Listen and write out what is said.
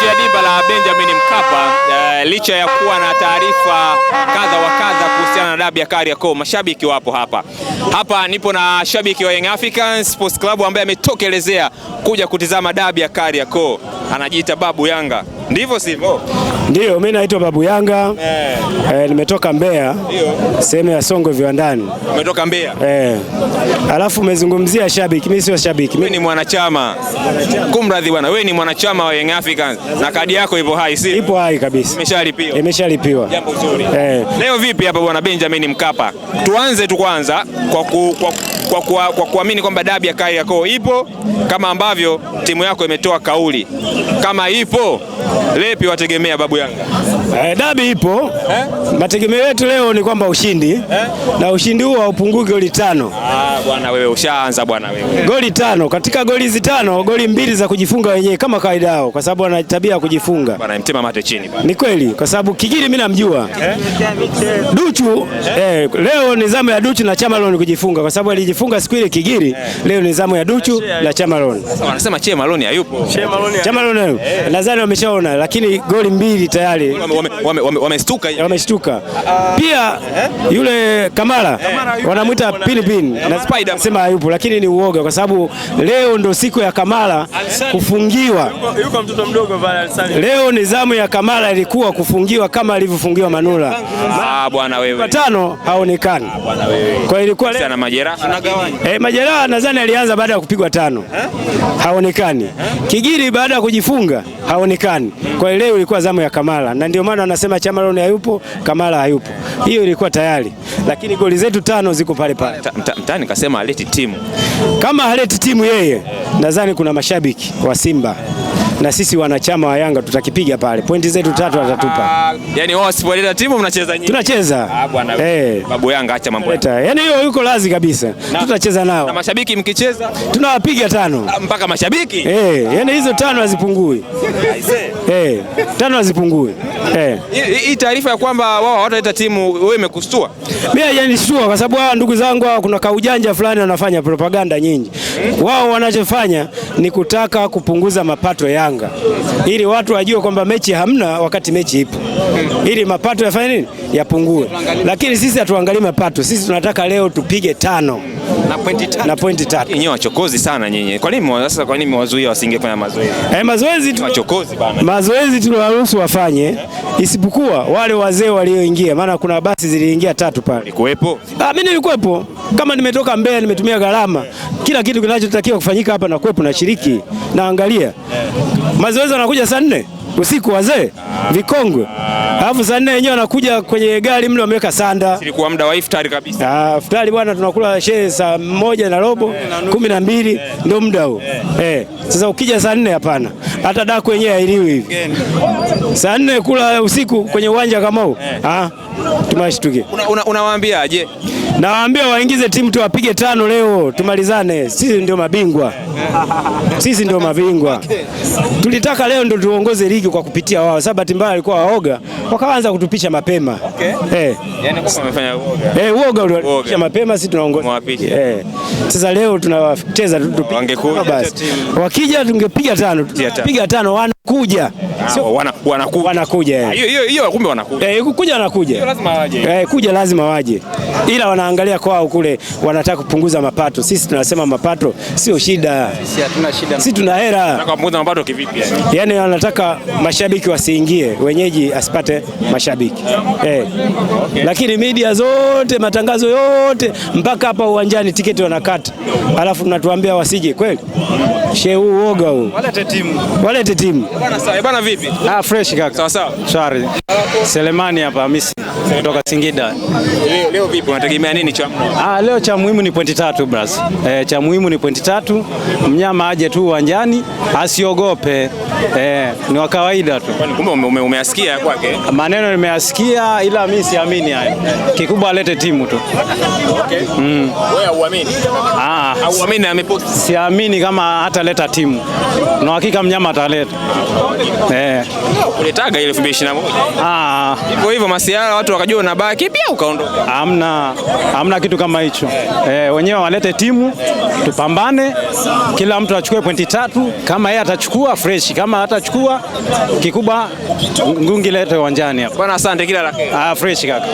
nje ya dimba la Benjamin Mkapa uh, licha ya kuwa na taarifa kadha wa kadha kuhusiana na dabi ya Kariakoo, mashabiki wapo hapa. Hapa nipo na shabiki wa Young Africans Sports Club ambaye ametokelezea kuja kutizama dabi ya Kariakoo, anajiita Babu Yanga, ndivyo sivyo? ndio mimi naitwa Babu Yanga eh. Eh, nimetoka Mbeya sehemu ya Songwe viwandani. Umetoka Mbeya eh. Alafu umezungumzia shabiki, mimi sio shabiki. Mimi ni mwanachama. Kumradhi bwana, wewe ni mwanachama wa Young Africans na kadi yako ipo hai, si? Ipo hai kabisa. Imeshalipiwa. Imeshalipiwa. Jambo zuri. Eh. Leo vipi hapa bwana Benjamin Mkapa? Tuanze tu kwanza kwa ku, kwa kwa kuamini kwa, kwa, kwamba dabi ya Kariakoo ipo kama ambavyo timu yako imetoa kauli. Kama ipo, lepi wategemea babu Yanga? Eh, dabi ipo eh? Mategemeo yetu leo ni kwamba ushindi eh? Na ushindi huo haupungui goli tano. Ah, bwana wewe ushaanza bwana wewe. Goli tano katika goli hizi tano goli mbili za kujifunga wenyewe kama kawaida yao kwa sababu ana tabia ya kujifunga. Bwana mtema mate chini bwana. Ni kweli kwa sababu Kigiri mimi namjua eh? Duchu eh? Eh, leo ni zamu ya Duchu na chamaloni kujifunga kwa sababu alijifunga siku ile Kigiri eh. Leo ni zamu ya Duchu na Chamalon. Wanasema Chamalon hayupo. Chamalon hayupo. Eh. Nadhani wameshaona lakini goli mbili tayari wamestuka wamestuka. Pia yule Kamara eh, wanamwita pinipin na Spider sema hayupo, lakini ni uoga, kwa sababu leo ndo siku ya Kamara kufungiwa. Yuko mtoto mdogo pale. Leo ni zamu ya Kamara ilikuwa kufungiwa kama alivyofungiwa Manula. Ah bwana wewe. Watano haonekani. Ah, bwana wewe. Kwa ilikuwa leo majeraha anagawanya. Eh, majeraha nadhani alianza baada ya kupigwa tano. Eh? Haonekani. Eh? Kigiri baada ya kujifunga haonekani. Kwa hiyo leo ilikuwa zamu ya Kamara, na ndio maana wanasema Chameleone hayupo, Kamara hayupo. Hiyo ilikuwa tayari, lakini goli zetu tano ziko pale pale. Mtani kasema aleti timu, kama aleti timu yeye, nadhani kuna mashabiki wa Simba na sisi wanachama wa Yanga tutakipiga pale, pointi zetu tatu atatupa. Ah, yani wao wasipoleta timu mnacheza nyinyi, tunacheza ah, bwana. Eh, babu Yanga, acha mambo haya. Yani hiyo yuko lazi kabisa, tutacheza nao. Na mashabiki mkicheza, tunawapiga tano ah, mpaka mashabiki eh, yani hizo tano hazipungui eh, tano hazipungui eh. Hii taarifa ya kwamba wao hawataleta timu, wewe imekushtua? Mimi hajanishtua kwa sababu hawa ndugu zangu hawa kuna kaujanja fulani wanafanya propaganda nyingi. Hmm? Wao wanachofanya ni kutaka kupunguza mapato Yanga ili watu wajue kwamba mechi hamna wakati mechi ipo, ili mapato yafanye nini, yapungue. Lakini sisi hatuangalii mapato, sisi tunataka leo tupige tano na pointi tatu, na pointi tatu. Nyinyi wachokozi sana nyinyi. Kwa nini sasa, kwa nini mwazuia wasingefanya mazoezi? Eh, mazoezi tu wachokozi bana, mazoezi tunawaruhusu wafanye, isipokuwa wale wazee walioingia, maana kuna basi ziliingia tatu pale. Nilikuwepo, ah, mimi nilikuwepo. Kama nimetoka Mbeya nimetumia gharama kila kitu kinachotakiwa kufanyika hapa na kwepo na shiriki na angalia, mazoezi wanakuja saa nne usiku wazee vikongwe, alafu saa nne wenyewe wanakuja kwenye gari mle wameweka sanda. Ilikuwa muda wa iftari kabisa, ah, iftari bwana, tunakula shehe saa moja na robo eh, kumi na mbili eh. ndio muda huo eh. eh. Sasa ukija saa nne hapana, hata daku wenyewe hailiwi hivi saa nne kula usiku kwenye uwanja kama huu, ah, tumashtuke. Unawaambiaje? Nawaambia waingize timu tuwapige tano leo, tumalizane. Sisi ndio mabingwa, sisi ndio mabingwa. Tulitaka leo ndio tuongoze ligi kwa kupitia wao, sababu bahati mbaya walikuwa waoga, wakaanza kutupisha mapema. Okay. Eh, yaani kwa uoga, eh, uoga mapema, sisi tunaongoza eh. Sasa leo tunawacheza, tupige, wakija tungepiga tano, piga tano wanakuja wanakuja kuja wanakuja eh, kuja lazima waje, ila wanaangalia kwao kule, wanataka kupunguza mapato. Sisi tunasema mapato sio shida, sisi tuna hera. Yani yaani wanataka mashabiki wasiingie, wenyeji asipate mashabiki eh. Okay. Lakini media zote matangazo yote mpaka hapa uwanjani tiketi wanakata, alafu tunatuambia wasije. Kweli shee, huu uoga huu, walete timu, walete timu eh, bwana eh, vipi? Ah, fresh kaka. Sawa sawa. Shwari. Selemani hapa Hamisi kutoka Singida. Leo, leo vipi? Unategemea nini cha muhimu? Ah, leo cha muhimu ni pointi tatu bras. Eh, cha muhimu ni pointi tatu. Mnyama aje tu uwanjani, asiogope. Eh, ni wa kawaida tu. Kwani Kumbe ume, umeasikia kwake? Maneno nimeasikia ila mimi siamini hayo. Kikubwa alete timu tu. Okay. Mm. Wewe uamini? Ah, uamini amepost. Siamini kama hataleta timu. Na hakika mnyama ataleta. Eh eh, ukuletaga ile 2021 ah, hivyo hivyo masiara watu wakajua unabaki pia ukaondoka. Hamna, hamna kitu kama hicho eh. wenyewe walete timu tupambane, kila mtu achukue pointi tatu. Kama yeye atachukua fresh, kama hatachukua kikubwa, ngungi lete uwanjani hapa bwana. Asante, kila la ah, fresh kaka.